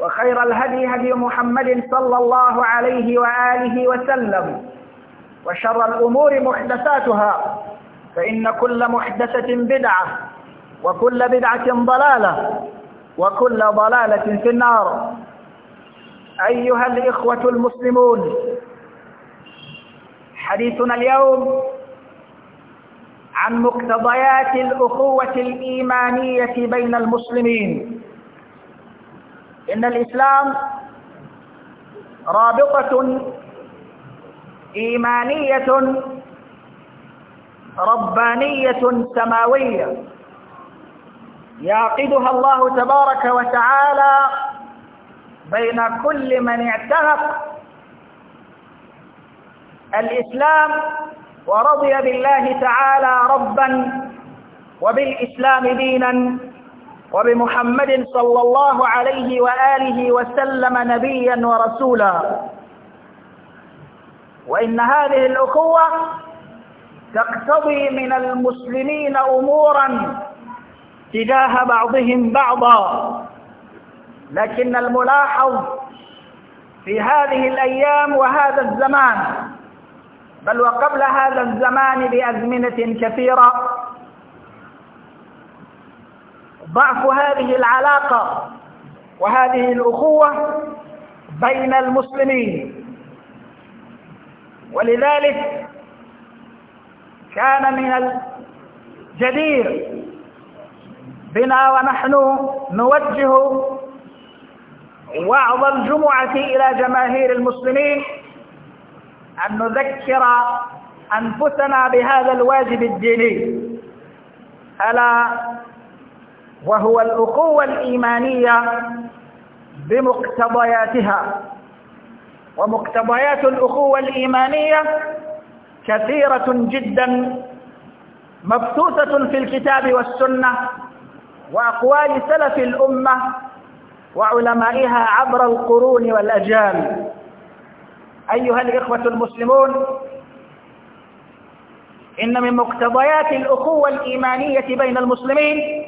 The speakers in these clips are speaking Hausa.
وخير الهدي هدي محمد صلى الله عليه وآله وسلم وشر الأمور محدثاتها فإن كل محدثة بدعة وكل بدعة ضلالة وكل ضلالة في النار أيها الإخوة المسلمون حديثنا اليوم عن مقتضيات الأخوة الإيمانية بين المسلمين إن الإسلام رابطة إيمانية ربانية سماوية يعقدها الله تبارك وتعالى بين كل من اعتنق الإسلام ورضي بالله تعالى ربا وبالإسلام دينا وبمحمد صلى الله عليه وآله وسلم نبيا ورسولا وإن هذه الأخوة تقتضي من المسلمين أمورا تجاه بعضهم بعضا لكن الملاحظ في هذه الأيام وهذا الزمان بل وقبل هذا الزمان بأزمنة كثيرة ضعف هذه العلاقة وهذه الأخوة بين المسلمين ولذلك كان من الجدير بنا ونحن نوجه وعظ الجمعة إلى جماهير المسلمين أن نذكر أنفسنا بهذا الواجب الديني ألا وهو الأخوة الإيمانية بمقتضياتها ومقتضيات الأخوة الإيمانية كثيرة جدا مبثوثة في الكتاب والسنة وأقوال سلف الأمة وعلمائها عبر القرون والأجيال أيها الإخوة المسلمون إن من مقتضيات الأخوة الإيمانية بين المسلمين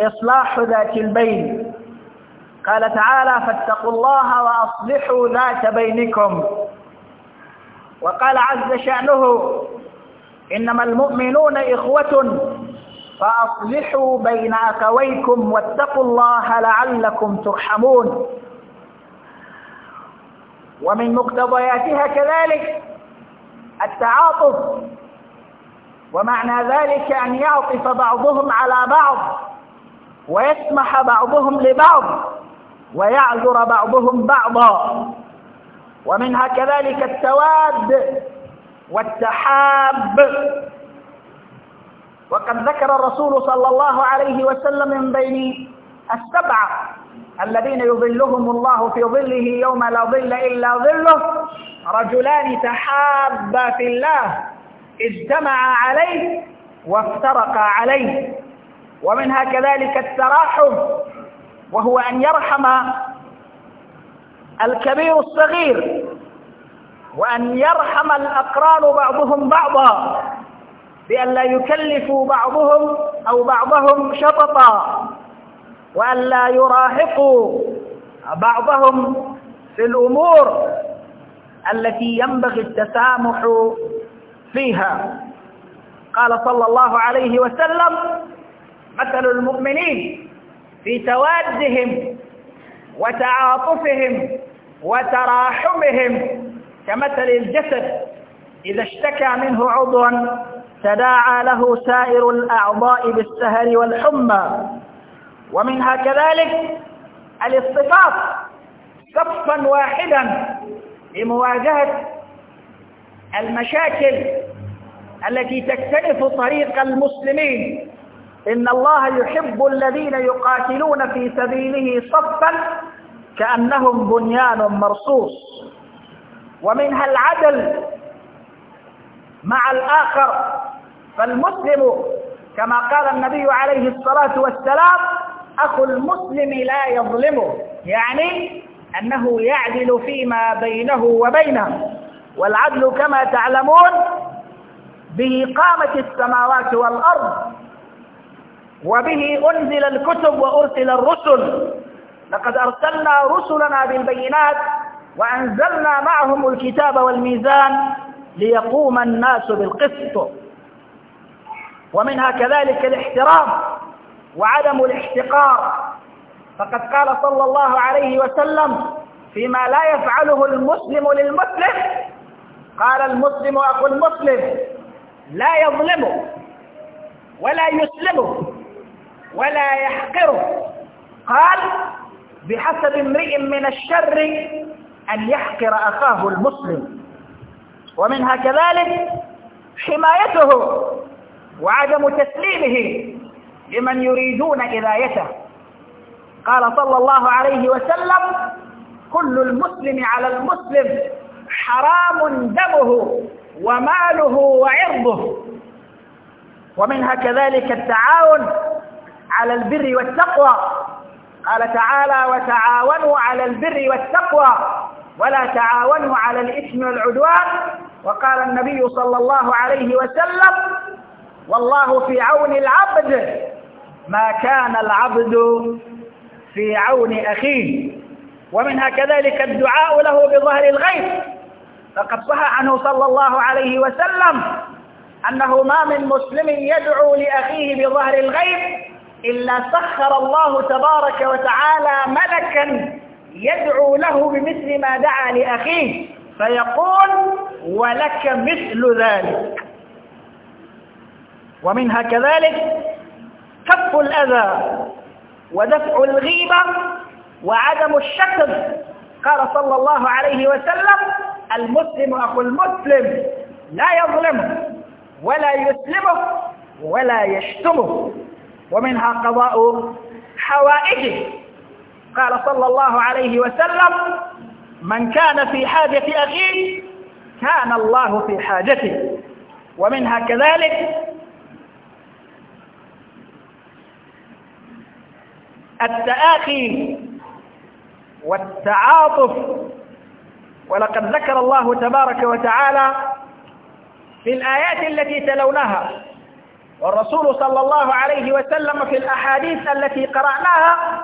إصلاح ذات البين قال تعالى فاتقوا الله وأصلحوا ذات بينكم وقال عز شأنه إنما المؤمنون إخوة فأصلحوا بين أخويكم واتقوا الله لعلكم ترحمون ومن مقتضياتها كذلك التعاطف ومعنى ذلك أن يعطف بعضهم على بعض ويسمح بعضهم لبعض ويعذر بعضهم بعضا ومنها كذلك التواد والتحاب وقد ذكر الرسول صلى الله عليه وسلم من بين السبعة الذين يظلهم الله في ظله يوم لا ظل إلا ظله رجلان تحابا في الله اجتمعا عليه وافترقا عليه ومنها كذلك التراحم وهو أن يرحم الكبير الصغير وأن يرحم الأقران بعضهم بعضا بأن لا يكلفوا بعضهم أو بعضهم شططا وأن لا يراهقوا بعضهم في الأمور التي ينبغي التسامح فيها قال صلى الله عليه وسلم مثل المؤمنين في توادهم وتعاطفهم وتراحمهم كمثل الجسد إذا اشتكى منه عضوا تداعى له سائر الأعضاء بالسهر والحمى ومنها كذلك الاصطفاف صفا واحدا لمواجهة المشاكل التي تكتنف طريق المسلمين إن الله يحب الذين يقاتلون في سبيله صفا كأنهم بنيان مرصوص ومنها العدل مع الآخر فالمسلم كما قال النبي عليه الصلاة والسلام أخو المسلم لا يظلمه يعني أنه يعدل فيما بينه وبينه والعدل كما تعلمون بإقامة السماوات والأرض وبه أنزل الكتب وأرسل الرسل لقد أرسلنا رسلنا بالبينات وأنزلنا معهم الكتاب والميزان ليقوم الناس بالقسط ومنها كذلك الاحترام وعدم الاحتقار فقد قال صلى الله عليه وسلم فيما لا يفعله المسلم للمسلم قال المسلم أخو المسلم لا يظلمه ولا يسلمه ولا يحقره قال بحسب امرئ من الشر أن يحقر أخاه المسلم ومنها كذلك حمايته وعدم تسليمه لمن يريدون إذايته قال صلى الله عليه وسلم كل المسلم على المسلم حرام دمه وماله وعرضه ومنها كذلك التعاون على البر والتقوى قال تعالى وتعاونوا على البر والتقوى ولا تعاونوا على الإثم والعدوان وقال النبي صلى الله عليه وسلم والله في عون العبد ما كان العبد في عون أخيه ومنها كذلك الدعاء له بظهر الغيب فقد صح عنه صلى الله عليه وسلم أنه ما من مسلم يدعو لأخيه بظهر الغيب إلا سخر الله تبارك وتعالى ملكا يدعو له بمثل ما دعا لأخيه فيقول ولك مثل ذلك ومنها كذلك كف الأذى ودفع الغيبة وعدم الشكر قال صلى الله عليه وسلم المسلم أخو المسلم لا يظلمه ولا يسلمه ولا يشتمه ومنها قضاء حوائجه قال صلى الله عليه وسلم من كان في حاجة أخيه كان الله في حاجته ومنها كذلك التآخي والتعاطف ولقد ذكر الله تبارك وتعالى في الآيات التي تلونها والرسول صلى الله عليه وسلم في الأحاديث التي قرأناها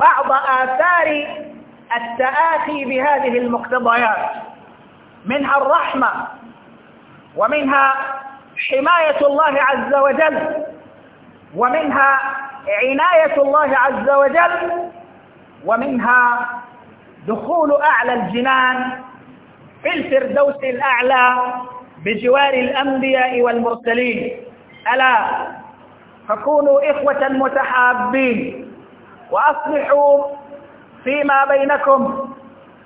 بعض آثار التآتي بهذه المقتضيات منها الرحمة ومنها حماية الله عز وجل ومنها عناية الله عز وجل ومنها دخول أعلى الجنان في الفردوس الأعلى بجوار الأنبياء والمرسلين ألا فكونوا إخوة متحابين وأصلحوا فيما بينكم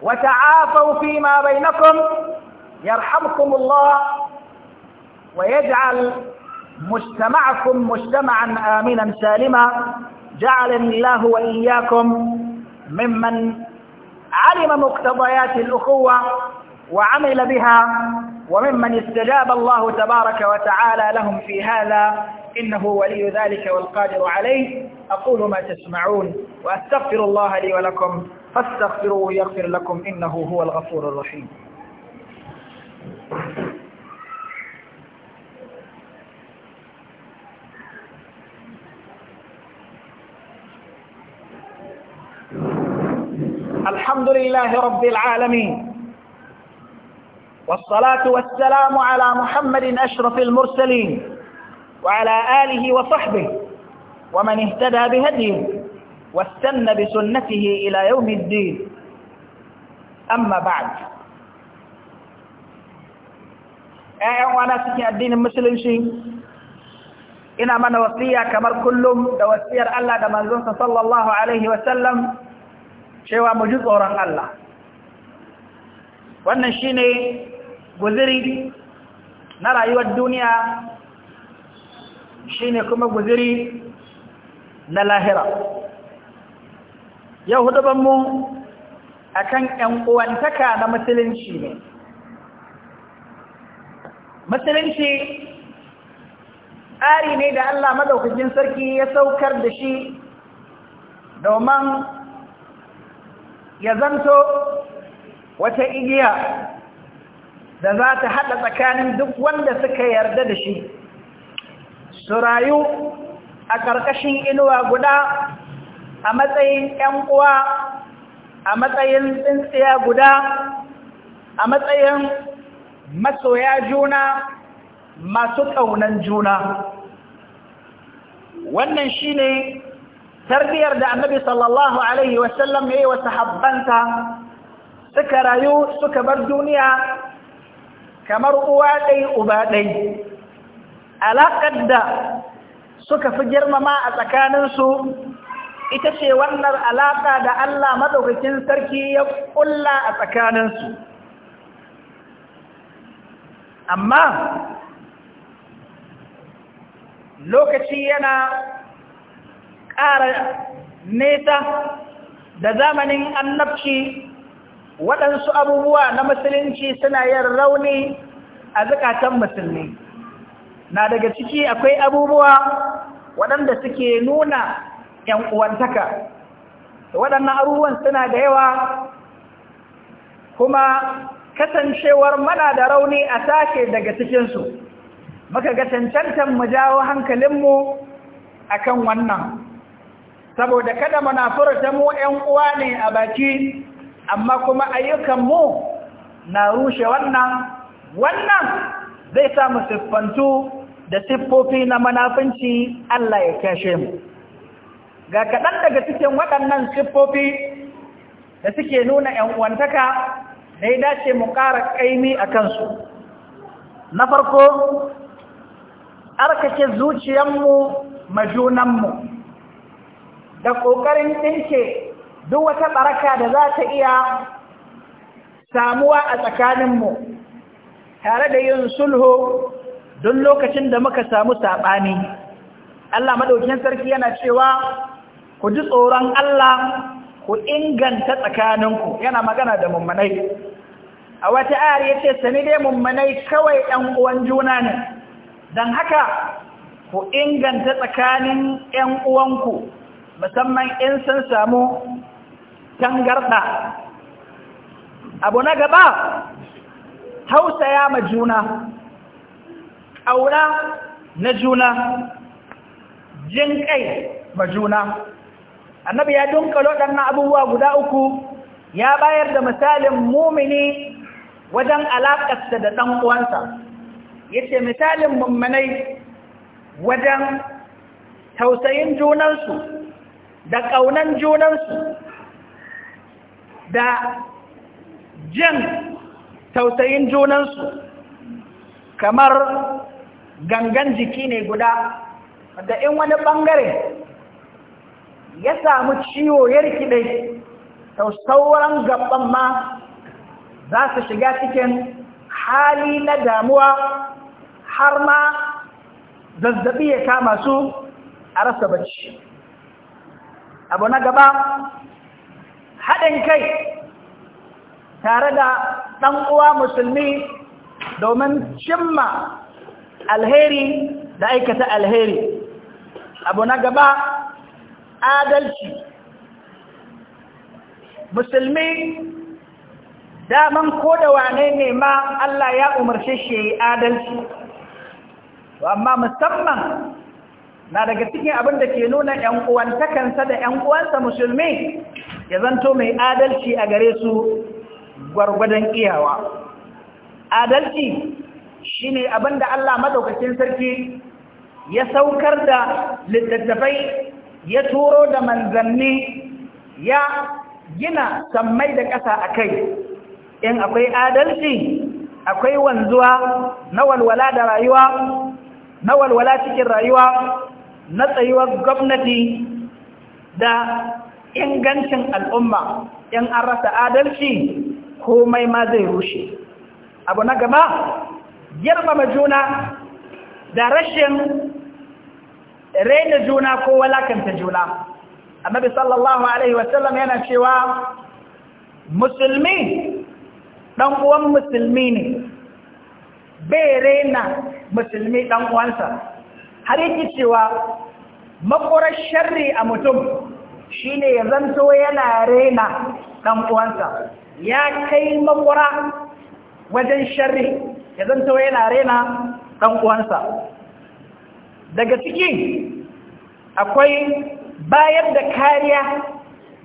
وتعافوا فيما بينكم يرحمكم الله ويجعل مجتمعكم مجتمعا آمنا سالما جعلني الله وإياكم ممن علم مقتضيات الأخوة وعمل بها وممن استجاب الله تبارك وتعالى لهم في هذا إنه ولي ذلك والقادر عليه أقول ما تسمعون وأستغفر الله لي ولكم فاستغفروه يغفر لكم إنه هو الغفور الرحيم الحمد لله رب العالمين والصلاة والسلام على محمد أشرف المرسلين وعلى آله وصحبه ومن اهتدى بهديه واستنى بسنته إلى يوم الدين أما بعد أعوانا سكي الدين المسلم شيء إن من وصية كمر كلهم ألا الله دمزون صلى الله عليه وسلم شوى مجزء رحل الله وأن الشيء guziri na rayuwar duniya shine kuma guziri na lahira yau hudubanmu a kan ‘yan'uwantaka na musulunci ne musulunci tsari ne da Allah madaukakin sarki ya saukar da shi domin ya zanto wata igiya da za ta haɗa tsakanin duk wanda suka yarda da shi su rayu a ƙarƙashin inuwa guda a matsayin ‘yan uwa a matsayin tsintsiya guda a matsayin masoya juna masu ƙaunan juna wannan shi ne tarbiyar da annabi sallallahu alaihi wasallam ya yi wa sahabbanta suka rayu suka bar duniya kamar uwa ɗai uba ɗai alaƙar da suka fi girmama a tsakaninsu ita ce wannan alaƙa da Allah maɗaukakin sarki ya ƙulla a tsakaninsu amma lokaci yana ƙara nesa da zamanin annabci waɗansu abubuwa na musulunci suna yin rauni a zukatan musulmi na daga ciki akwai abubuwa waɗanda suke nuna ‘yan uwantaka waɗannan abubuwan suna da yawa kuma kasancewar mana da rauni a sashe daga cikinsu muka ga cancantar mu jawo hankalinmu a kan wannan saboda kada munafurta furta mu ‘yan uwa ne a baki amma kuma ayyukanmu na rushe wannan wannan zai mu siffantu da siffofi na manafinci Allah ya kyashe mu ga kaɗan daga cikin waɗannan siffofi da suke nuna ‘yan'uwantaka da ya dace mu ƙara ƙaimi a kansu na farko arkake zuciyanmu majunanmu da ƙoƙarin ɗinke duk wata baraka da za ta iya samuwa a tsakaninmu tare da yin sulhu don lokacin da muka samu saɓani Allah maɗaukin sarki yana cewa ku ji tsoron Allah ku inganta tsakaninku yana magana da mummanai a wata ayar ya ce sani dai mummanai kawai ‘yan uwan juna ne don haka ku inganta tsakanin ‘yan uwanku musamman in sun samu tangarɗa abu na gaba hausaya ma juna ƙauna na juna jin kai ma juna annabi ya dunkalo na abubuwa guda uku ya bayar da misalin mumini wajen alaƙarsa da ɗan uwansa ce misalin mummunai wajen tausayin junansu da ƙaunan junansu da jin tausayin junansu kamar gangan jiki ne guda da in wani bangare ya samu ciwo ya rikide sauran gaban ma za su shiga cikin hali na damuwa har ma zazzabi ya kama su a rasa bacci abu na gaba haɗin kai tare da ɗan uwa musulmi domin cimma alheri da aikata alheri abu na gaba adalci musulmi daman ko da wane ne ma Allah ya umarce shi adalci amma musamman na daga cikin abin da ke nuna ‘yan uwantakansa da ‘yan uwansa musulmi ya zanto mai adalci a gare su gwargwadon iyawa. Adalci shi ne abin da Allah maɗaukacin sarki ya saukar da littattafai ya turo da manzanni ya gina sammai da ƙasa a kai. In akwai adalci, akwai wanzuwa na walwala da rayuwa, na walwala cikin rayuwa na tsayuwar gwamnati da ingancin al'umma in an rasa adalci komai ma zai rushe abu na gaba girmama juna da rashin raina juna ko walakanta juna annabi sallallahu alaihi wasallam yana cewa musulmi dan uwan musulmi ne bai raina musulmi ɗan uwansa har yake cewa makorar sharri a mutum shi ne ya zanto yana rena ɗan uwansa ya kai makora wajen sharri ya zanto yana raina ɗan uwansa daga ciki akwai bayar da kariya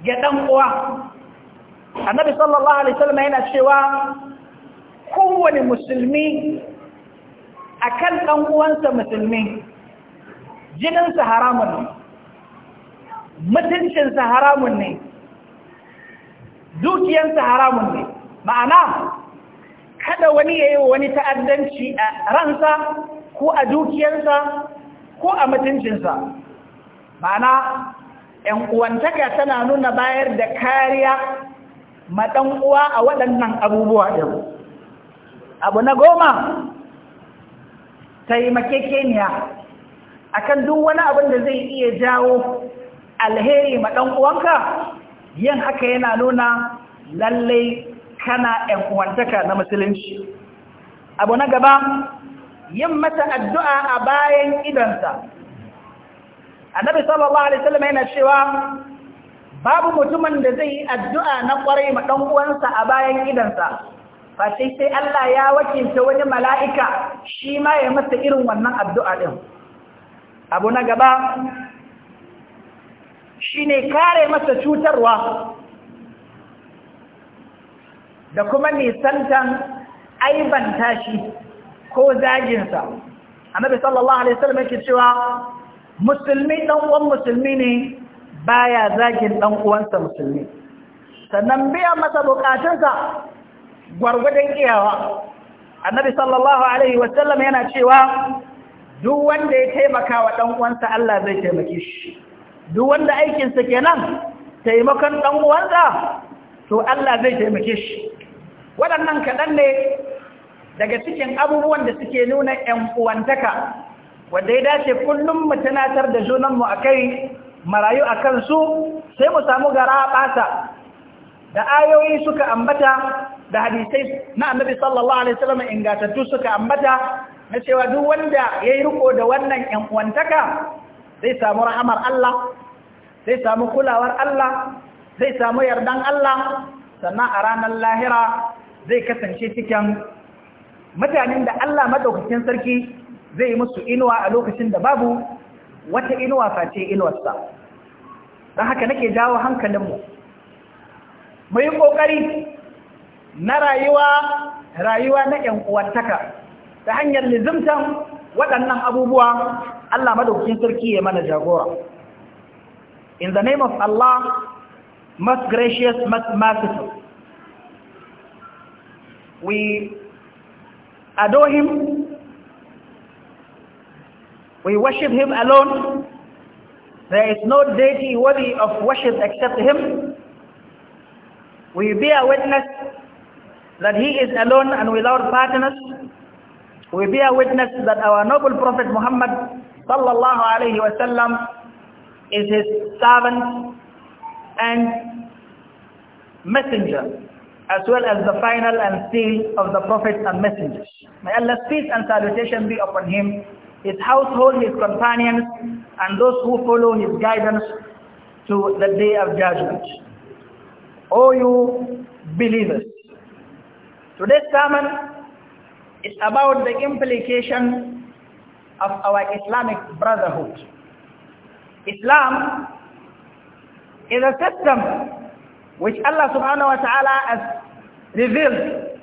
ga ɗan uwa annabi sallallahu alaihi wasallam yana cewa kowane musulmi akan ɗan uwansa musulmi jininsa haramun ne mutuncinsa haramun ne dukiyansa haramun ne ma'ana kada wani ya yi wani ta'addanci a ransa ko a sa, ko a mutuncinsa ma'ana ‘yan uwantaka tana nuna bayar da kariya maɗan uwa a waɗannan abubuwa ɗin abu na goma taimakekeniya akan duk wani abin da zai iya jawo alheri ma dan uwanka yin haka yana nuna lallai kana ‘yan uwantaka na musulunci abu na gaba yin mata addu'a a bayan idansa annabi sallallahu alaihi wasallam yana cewa babu mutumin da zai yi addu'a na ƙwarai ma dan uwansa a bayan idansa fashe sai Allah ya wakilta wani mala'ika shi ma ya masa irin wannan addu'a din. abu na gaba shi ne kare masa cutarwa da kuma nisantan aiban tashi ko zaginsa annabi sallallahu alaihi wasallam yake cewa musulmi dan uwan musulmi ne baya zagin dan uwansa musulmi sannan biya masa bukatunsa gwargwadon iyawa annabi sallallahu alaihi wasallam yana cewa duk wanda ya taimaka wa ɗan uwansa Allah zai taimake shi duk wanda aikinsa kenan taimakon ɗan'uwansa, to Allah zai taimake shi waɗannan kaɗan ne daga cikin abubuwan da suke nuna ‘yan uwantaka wanda ya dace kullum mu tunatar da junanmu a kai marayu a kansu sai mu samu gara da ayoyi suka ambata da hadisai na annabi sallallahu alaihi wasallam ingatattu suka ambata na cewa duk wanda ya yi riko da wannan ‘yan'uwantaka zai samu rahamar Allah, zai samu kulawar Allah, zai samu yardan Allah, sannan a ranar lahira zai kasance cikin mutanen da Allah maɗaukakin sarki zai yi musu inuwa a lokacin da babu wata inuwa face inuwarsa. Don haka nake jawo hankalinmu. Mu yi ƙoƙari na rayuwa, rayuwa na ‘yan'uwantaka. ta hanyar lizimtan waɗannan abubuwa Allah sarki ya mana jagora in the name of Allah most gracious most merciful we adore him we worship him alone there is no deity worthy of worship except him we bear witness that he is alone and without partners we bear witness that our noble prophet Muhammad sallallahu alaihi wasallam is his servant and messenger as well as the final and seal of the prophets and messengers may Allah's peace and salutation be upon him his household his companions and those who follow his guidance to the day of judgment O you believers today's sermon is about the implication of our Islamic brotherhood. Islam is a system which Allah subhanahu wa ta'ala has revealed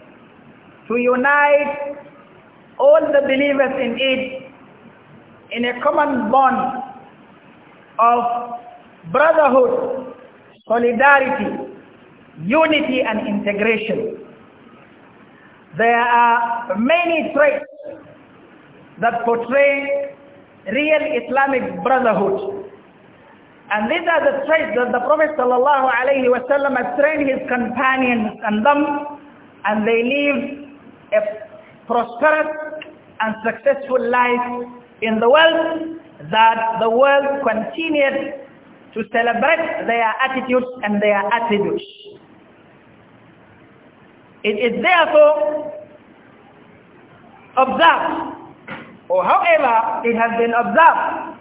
to unite all the believers in it in a common bond of brotherhood, solidarity, unity and integration. There are many traits that portray real Islamic brotherhood. And these are the traits that the Prophet sallallahu alaihi wasallam has trained his companions and them and they live a prosperous and successful life in the world that the world continued to celebrate their attitudes and their attributes. It is therefore observed, or however it has been observed,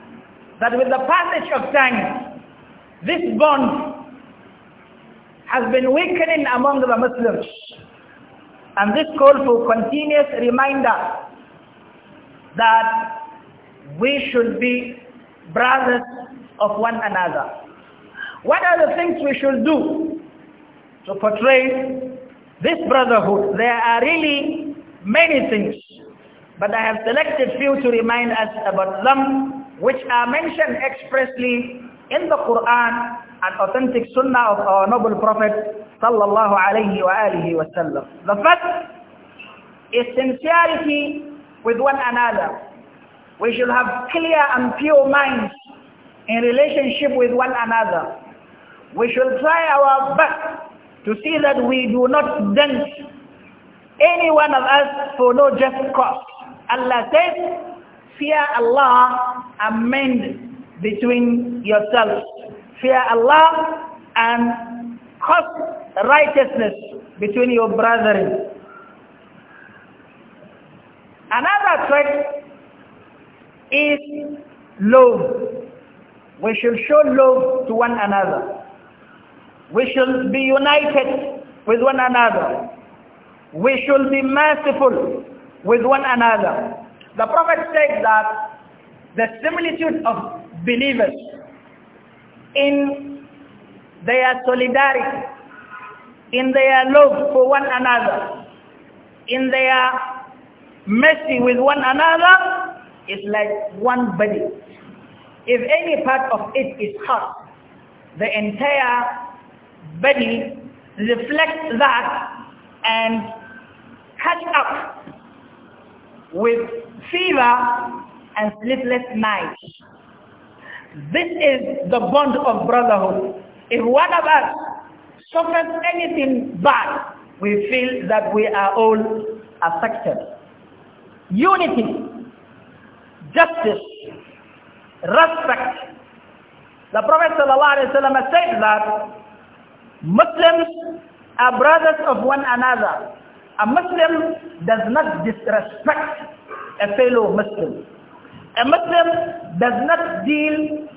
that with the passage of time, this bond has been weakening among the Muslims. And this call for continuous reminder that we should be brothers of one another. What are the things we should do to portray this brotherhood, there are really many things. But I have selected few to remind us about them, which are mentioned expressly in the Quran and authentic sunnah of our noble prophet sallallahu alayhi wa alihi wa sallam. The first is sincerity with one another. We should have clear and pure minds in relationship with one another. We should try our best to see that we do not dent any one of us for no just cause. Allah says, fear Allah and mend between yourselves. Fear Allah and cause righteousness between your brethren. Another trait is love. We should show love to one another. We should be united with one another. We should be merciful with one another. The Prophet said that the similitude of believers in their solidarity, in their love for one another, in their mercy with one another is like one body. If any part of it is hurt, the entire belly, reflect that and catch up with fever and sleepless nights. This is the bond of brotherhood. If one of us suffers anything bad, we feel that we are all affected. Unity, justice, respect. The Prophet ﷺ said that Muslims are brothers of one another. A Muslim does not disrespect a fellow Muslim. A Muslim does not deal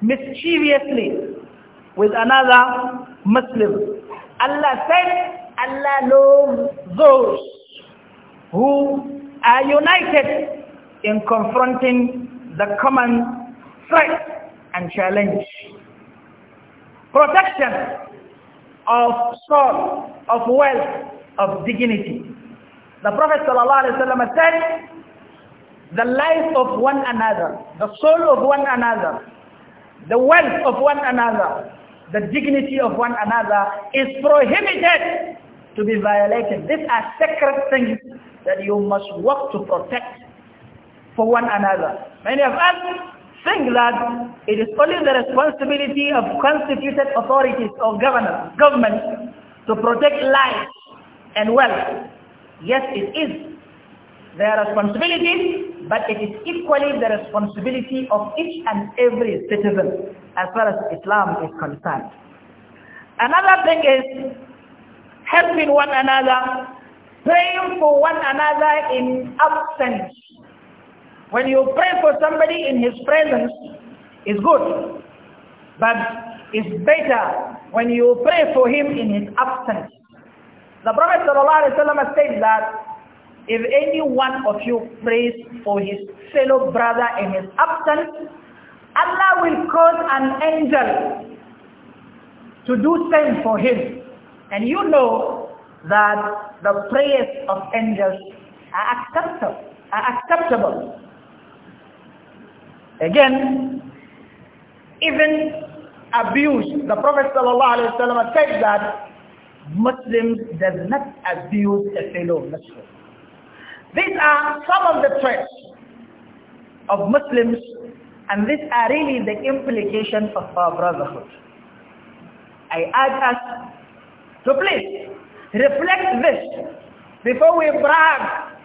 mischievously with another Muslim. Allah said, Allah loves those who are united in confronting the common threat and challenge protection of soul, of wealth, of dignity. The Prophet said, the life of one another, the soul of one another, the wealth of one another, the dignity of one another is prohibited to be violated. These are sacred things that you must work to protect for one another. Many of us think that it is only the responsibility of constituted authorities or governors, governments to protect life and wealth. Yes, it is their responsibility, but it is equally the responsibility of each and every citizen as far as Islam is concerned. Another thing is helping one another, praying for one another in absence when you pray for somebody in his presence, is good. But it's better when you pray for him in his absence. The Prophet Wasallam said that if any one of you prays for his fellow brother in his absence, Allah will cause an angel to do same for him. And you know that the prayers of angels are acceptable. Are acceptable. Again, even abuse, the Prophet ﷺ said that Muslims does not abuse a fellow Muslim. These are some of the traits of Muslims and these are really the implications of our brotherhood. I urge us to please reflect this before we brag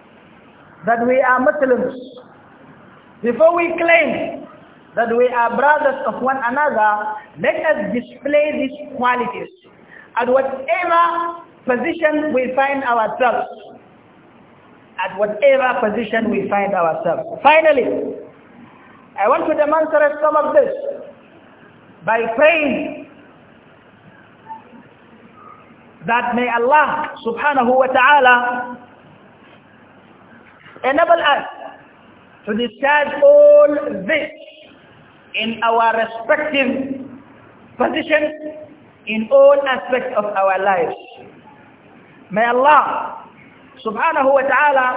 that we are Muslims before we claim that we are brothers of one another, let us display these qualities at whatever position we find ourselves. At whatever position we find ourselves. Finally, I want to demonstrate some of this by praying that may Allah subhanahu wa ta'ala enable us to discharge all this in our respective positions in all aspects of our lives. May Allah subhanahu wa ta'ala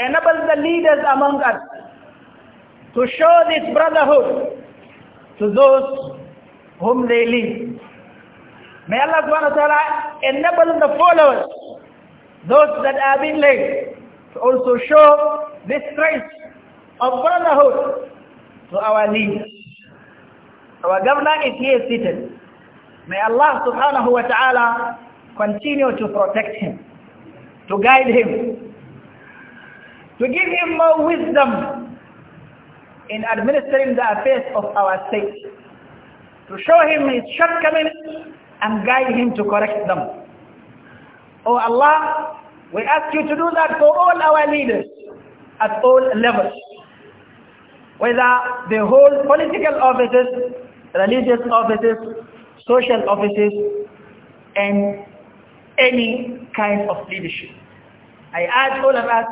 enable the leaders among us to show this brotherhood to those whom they lead. May Allah subhanahu wa ta'ala enable the followers, those that are been led, to also show this grace of brotherhood to our leader. Our governor is here seated. May Allah subhanahu wa ta'ala continue to protect him, to guide him, to give him more wisdom in administering the affairs of our state, to show him his shortcomings and guide him to correct them. Oh Allah, we ask you to do that for all our leaders at all levels whether they hold political offices, religious offices, social offices, and any kind of leadership. I ask all of us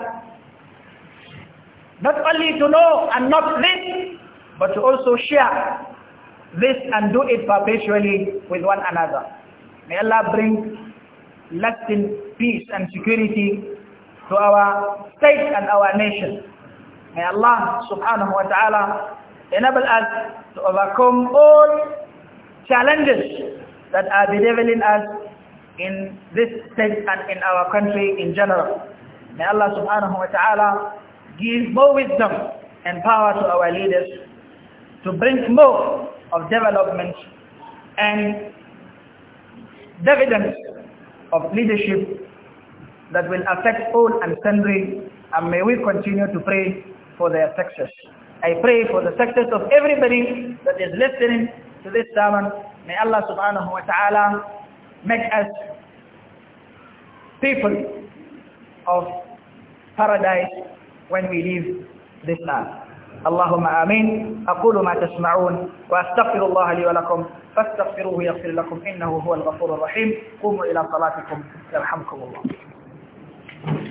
not only to know and not this, but to also share this and do it perpetually with one another. May Allah bring lasting peace and security to our state and our nation. May Allah subhanahu wa ta'ala enable us to overcome all challenges that are bedeviling us in this state and in our country in general. May Allah subhanahu wa ta'ala give more wisdom and power to our leaders to bring more of development and dividends of leadership that will affect all and sundry and may we continue to pray for their success. I pray for the success of everybody that is listening to this sermon. May Allah subhanahu wa ta'ala make us people of paradise when we leave this earth. اللهم آمين أقول ما تسمعون وأستغفر الله لي ولكم فاستغفروه يغفر لكم إنه هو الغفور الرحيم قوموا إلى صلاتكم يرحمكم الله